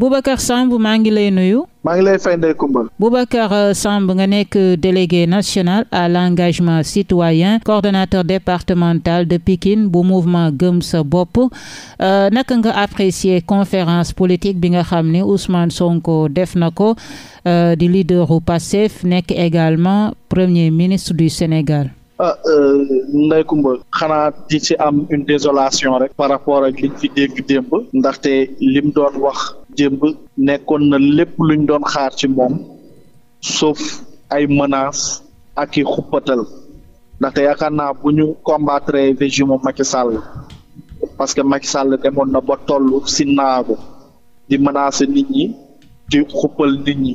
Boubacar Samb maa ngi lay nuyu. maa ngi lay fay Ndeye Comba. Boubacar euh, Samb nga nekk euh, délégué national à l'engagement citoyen coordonnateur départemental de Pikine bu mouvement Gëm sa bopp euh, naka nga apprécier conférence politique bi nga xam ne Ousmane Sonko def na ko di leader u Pastef nekk également premier ministre du Sénégal. ah Ndeye Comba di ci am une désolation rek par rapport ak liñ fi dégg démb ndaxte lim doon wax. démb nekkoon na lépp luñ doon xaar ci moom sauf ay menaces aki i xuppatal ndaxte yaakaar naa bu ñu combattre régime Macky Sall parce que Macky Sall demoon na ba toll si naagu di menacer nit ñi di xuppal nit ñi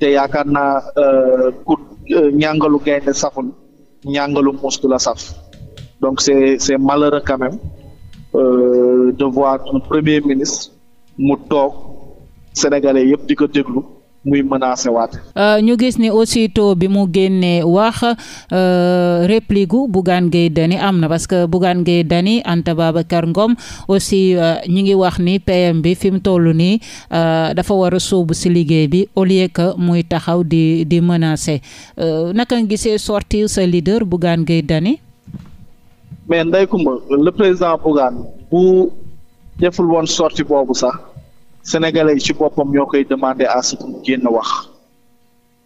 te yaakaar naa euh, ku euh, ñàngalu gaynde saful ñàngalu muus la saf donc c'est c'est malheureux quand même euh, premier ministre mu toog sénégalais yëpp di ko déglu muy menacé waat. Euh, ñu gis ni aussi aussitôt bi mu génnee wax euh, réplique gu Bougane Gueye Dany am na parce que Bougane Gueye Dany Anta Babacar Ngom aussi euh, ñi ngi wax ni PM bi fi mu toll nii dafa war a sóobu si liggéey bi au lieu que muy taxaw di di menacé naka nga gisee sortir sa leader Bougane Gueye Dany. mais Ndeye Comba le président bu deful woon sortie boobu sax. sénégalais yi ci boppam ñoo koy demandé à ce que mu wax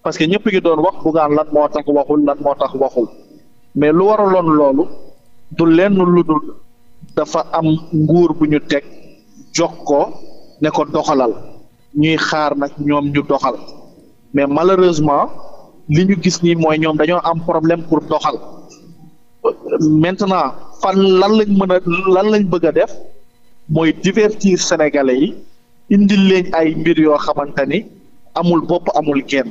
parce que ñëpp ngi doon wax Bougane lan moo tax waxul lan moo tax waxul mais lu waraloon loolu du leen lu dul dafa am nguur bu ñu teg jox ko ne doxalal ñuy xaar nag ñoom ñu doxal mais malheureusement li ñu gis nii mooy ñoom dañoo am problème pour doxal maintenant fan lan lañ mën lan lañ bëgg a def mooy divertir sénégalais yi. indil leen ay mbir yoo xamante ni amul bopp amul genn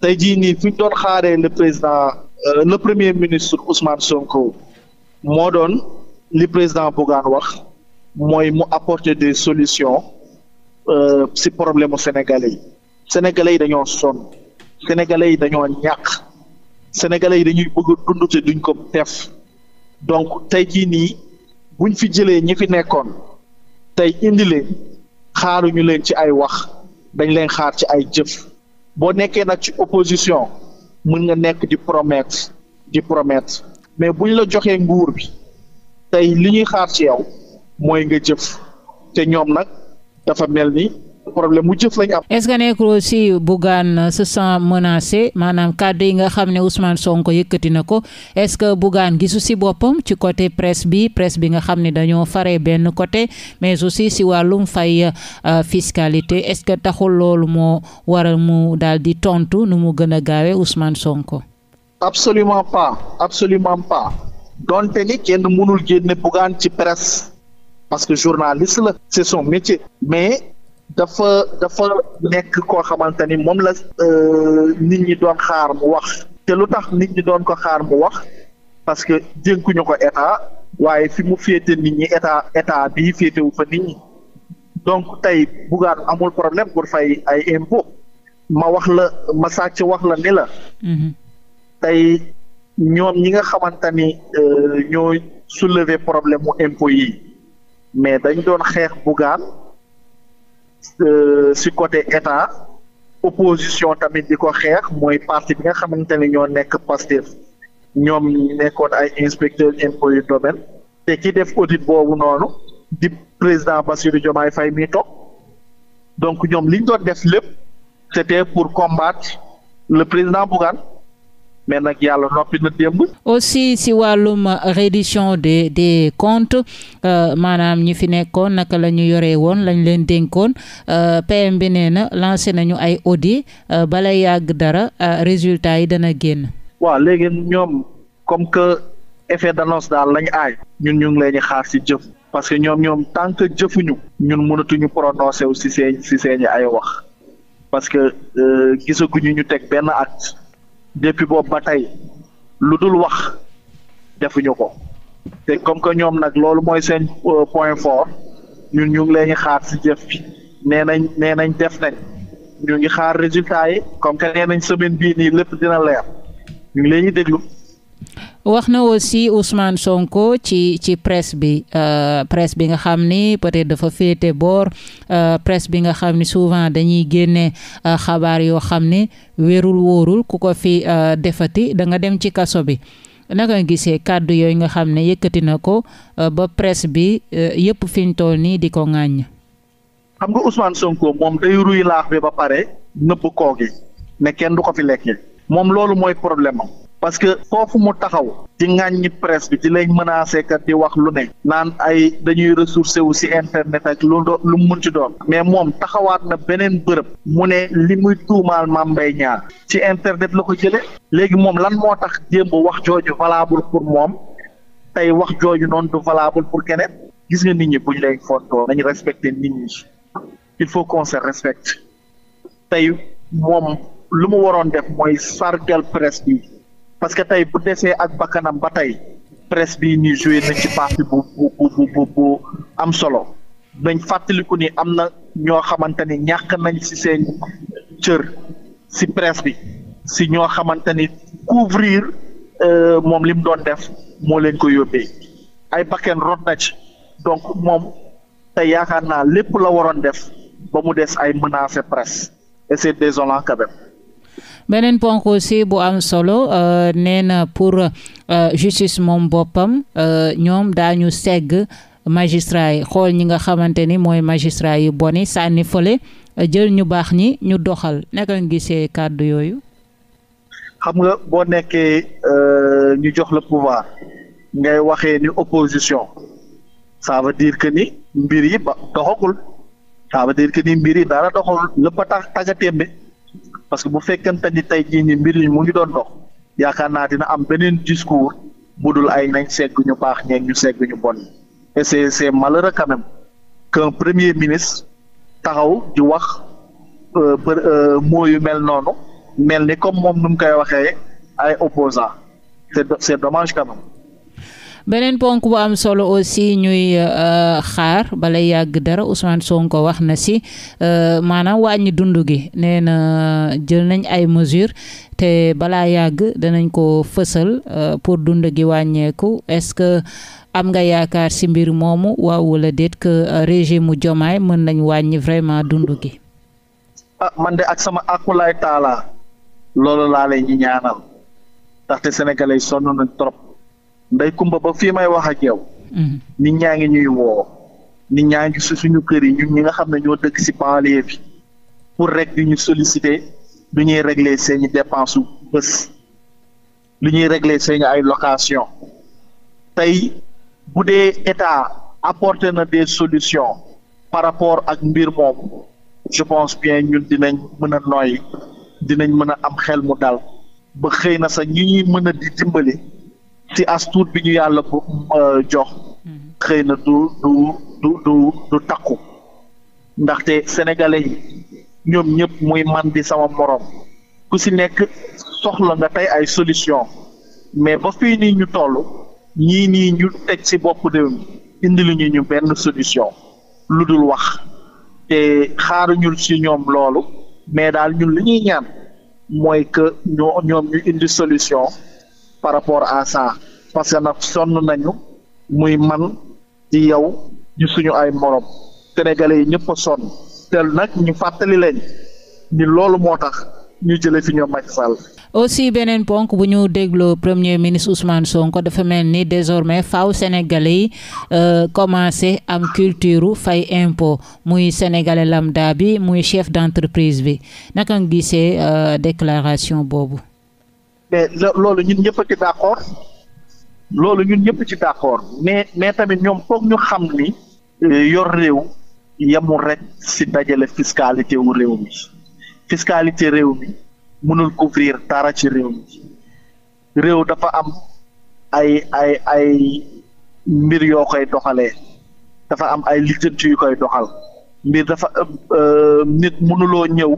tey jii nii fi ñu doon xaaree le président euh, le premier ministre Ousmane Sonko moo doon li président Bougane wax mooy mu apporter des solutions euh, si problème mu sénégalais yi dañoo sonn sénégalais yi dañoo ñàkk sénégalais yi dañuy bëgg a dund te duñ ko def donc tey jii nii buñ fi jëlee ñi fi nekkoon tey indi leen xaaruñu leen ci ay wax dañ leen xaar ci ay jëf boo nekkee nag ci opposition mën nga nekk di promettre di promettre mais buñ la joxee nguur bi tey li ñuy xaar ci yow mooy nga jëf te ñoom nag dafa mel ni problème mu jëf lañ am. est ce aussi Bougane se sent menacé maanaam kàddu yi nga xam ne Ousmane Sonko yëkkati na ko est ce que Bougane gisu si boppam ci côté presse bi presse bi nga xam ne dañoo fare benn côté mais aussi si wàllum fay euh, fiscalité est ce que taxul loolu moo waral mu daal di tontu nu mu gën a gaawee Ousmane Sonko. absolument pas absolument pas donte ni kenn mënul génne Bougane ci presse parce que journaliste la c'est son métier mais. dafa dafa nekk koo xamante ni moom la euh, nit ñi doon xaar mu wax te lu tax nit ñi doon ko xaar mu wax parce que dénkuñu ko état waaye fi mu féete nit ñi état état bi féetewu fa nit ñi donc tey Bougane amul problème pour fay ay impôt ma wax la ma sàcc wax la ni la mm-hmm. tey ñoom ñi nga xamante ni euh, ñoo soulever problème mu impôt yi mais dañ doon xeex Bougane Euh, si côté état opposition tamit di ko xeex mooy parti bi nga xamante ne ñoo nekk Pastef ñoom ñi nekkoon ay inspecteur impôt yu domaine te ki def audit boobu noonu di président Bassirou jomay fay mi toog donc ñoom liñ doon def lépp c'était pour combattre le président Bougane mais nag yàlla noppi na démb. aussi si wàllum reddition des des comptes euh, maanaam ñi fi nekkoon naka la ñu yoree woon lañ leen dénkoon euh, PM bi nee na lancé nañu ay audit euh, bala yàgg dara résultat yi dana génn. waaw léegi ñoom comme que effet de d'annonce daal lañ aay. ñun ñu ngi leen di xaar si jëf. parce que ñoom ñoom tant que jëfuñu. ñun mënatuñu prononcé wu si seen si seen ay wax. parce que gisaguñu ñu teg benn acte. déppi boobu ba tey lu dul wax defuñu ko te comme que ñoom nag loolu mooy seen euh, point fort ñun ñu ngi leen xaar si jëf bi nee nañ nee nañ def nañ ñu ngi xaar résultat yi comme que nee nañ semaine bii nii lépp dina leer ñu ngi leen déglu. wax na aussi Ousmane Sonko ci ci presse bi euh, presse bi nga xam ni peut dafa féete boor euh, presse bi nga xam ni souvent dañuy génne euh, xabaar yoo xam ni wérul wóorul ku ko fi euh, defati da nga dem ci kaso bi naka nga gisee kàddu yooyu nga xam ne yëkkati na ko euh, ba presse bi yëpp fi ñu nii di ko ŋàññ. xam nga Ousmane Sonko moom day ruy laax bi ba pare nëbb koo ne kenn du ko fi lekkee moom loolu mooy problème parce que foofu mu taxaw di ŋàññi presse bi di lañ menacé kat di wax lu ne naan ay dañuy ressourcé wu ci internet ak lu lu mu mun ci doon mais moom taxawaat na beneen bërëb mu ne li muy tuumaal ma Mbaye Niang ci internet la ko jële léegi moom lan moo tax démb wax jooju valable pour moom tey wax jooju noonu du valable pour keneen gis nga nit ñi buñ lay fontoo nañu respecté nit ñi il faut qu'on respecte tey moom lu mu waroon def mooy sargal presse bi parce que tey bu desee ak bakkanam ba tey presse bi ñuy joué nañ ci parti bu bu bu bu am solo dañ fàttaliku ni am na ñoo xamante ni ñàkk nañ ci seen cër ci presse bi si ñoo xamante ni couvrir euh, moom li mu doon def moo leen ko yóbbee ay bakkan rot na ci donc moom tey yaakaar naa lépp la waroon def ba mu des ay menaces presse et c'est désolant quand même beneen ponk aussi bu am solo euh, nee na pour euh, justice moom boppam euh, ñoom daañu segg magistrat yi xool ñi nga xamante ni mooy magistrat yu boni sànni fële jël ñu baax ñi ñu doxal naka nga gisee kàddu yooyu xam nga boo nekkee ñu jox la pouvoir ngay waxee ni opposition ça veut dire que ni mbir yi ba doxagul ça veut dire que ni mbir yi dara doxagul lëpp a tax tagga témbe parce que bu fekkente ni tey jii ni mbir yi mu ngi doon dox yaakaar naa dina am beneen discours bu dul ay nañ segg ñu baax ñeeg ñu segg ñu bon et c'est c'est malheureux quand premier ministre taxaw di wax euh, euh, mooyu mel noonu mel ni comme moom nu mu koy waxee ay opposants c'est c'est dommage quand même beneen ponk bu am solo aussi ñuy euh, xaar balay yàgg dara Ousmane Sonko wax na si euh, maanaam wàññi dund gi nee na jël nañ ay mesures te balaa yàgg danañ ko fësal euh, pour dund gi wàññeeku est-ce que am nga yaakaar si mbir moomu waaw wala déet que régime mu Diomaye mën nañ wàññi vraiment dund gi. ah man de ak sama akulaay taala loolu laa lay ñi ñaanal ndaxte sénégalais sonn nañ trop. nday kumba ba fii may wax ak yow. Mm-hmm. nit ñaa ngi ñuy woo. nit ñaa ngi suñu kër yi ñi nga xam ne ñoo dëkk si banlieue bi pour rek di ñu solliciter du ñuy régler seeni i dépense su bés. lu ñuy régle seen ay location tey bu dee état apporter na des solution par rapport ak mbir moom je pense bien ñun dinañ mën a noyyi dinañ mën a am xel mu dal ba xëy na sax ñu ñuy mën a di dimbali. ci as tuut bi ñu yàlla bu euh, jox mm-hmm. xëy na du du du du takku ndaxte sénégalais yi ñoom ñëpp muy man di sama moroom ku si nekk soxla nga tey ay solution mais ba fii nii ñu toll ñii nii ñu teg si bopp réew mi indi lu ñu ñu benn solution lu dul wax te xaaruñu si ñoom loolu mais daal ñu li ñuy ñaan mooy que ñoo ñoom ñu indi solution par rapport à ça parce que nag sonn nañu muy man di yow di suñu ay morom sénégalais yi ñëpp a sonn tel nag ñu fàttali leen ni loolu moo tax ñu jëlee fi ñoom Macky Sall aussi beneen ponk bu ñu dégloo premier ministre Ousmane Sonko dafa mel ni désormais faaw sénégalais yi euh, commencé am culture fay impôt muy sénégalais lambda bi muy chef d'entreprise bi naka nga gisee euh, déclaration boobu. te loolu ñun ñëpp ci d'accord loolu ñun ñëpp ci d'accord mais mais tamit ñoom foog ñu xam ni euh, yor réew yemul rek si dajale fiscalité wu réew mi fiscalité réew mi mënul couvrir dara ci réew mi réew dafa am ay ay ay mbir yoo koy doxalee dafa am ay lijjanti yu koy doxal mbir dafa euh, euh, nit mënuloo ñëw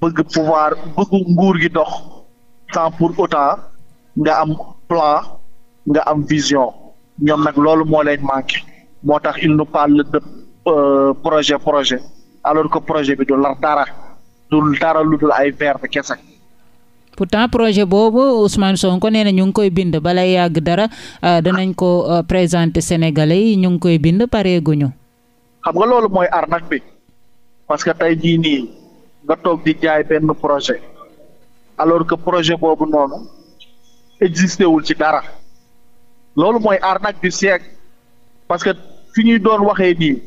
bëgg pouvoir bëgg nguur gi dox sans pour autant nga am plan nga am vision ñoom nag loolu moo leen manqué moo tax il nous parle de euh, projet projet alors que projet bi du lar dara du dara lu dul ay verbe kese. pourtant projet boobu Ousmane Sonko nee na ñu ngi koy bind bala yàgg dara euh, danañ ko euh, présenter Sénégalais yi ñu ngi koy bind pareeguñu. xam nga loolu mooy arnaque bi parce que tey jii nga toog di jaay benn projet. alors que projet boobu noonu existé wul ci dara loolu mooy arnaque du siècle parce que fi ñuy doon waxee nii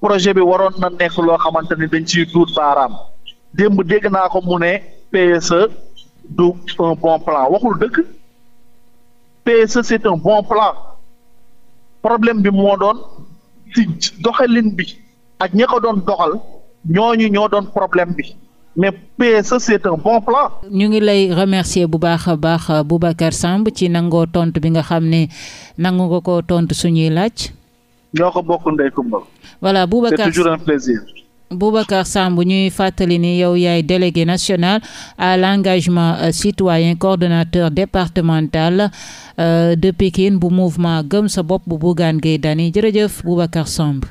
projet bi waroon na nekk loo xamante ni dañ ciy duut baaraam démb dégg naa ko mu ne PSE du un bon plan waxul dëkk PSE c'est un bon plan problème bi moo doon ci doxalin bi ak ña doon doxal ñooñu ñoo doon problème bi mais PSE c'est bon plan. ñu ngi lay remercier bu baax a baax Boubacar sàmb ci nangoo tontu bi nga xam ne nangu nga ko tontu suñuy laaj. ñoo ko bokk Ndeye Comba. voilà Boubacar c'est Samb ñuy fàttali ni yow yaay délégué national à l'engagement euh, citoyen coordonnateur départemental euh, de Pikine bu mouvement Gëm sa bopp bu Bougane Gueye Dany jërëjëf Boubacar Samb.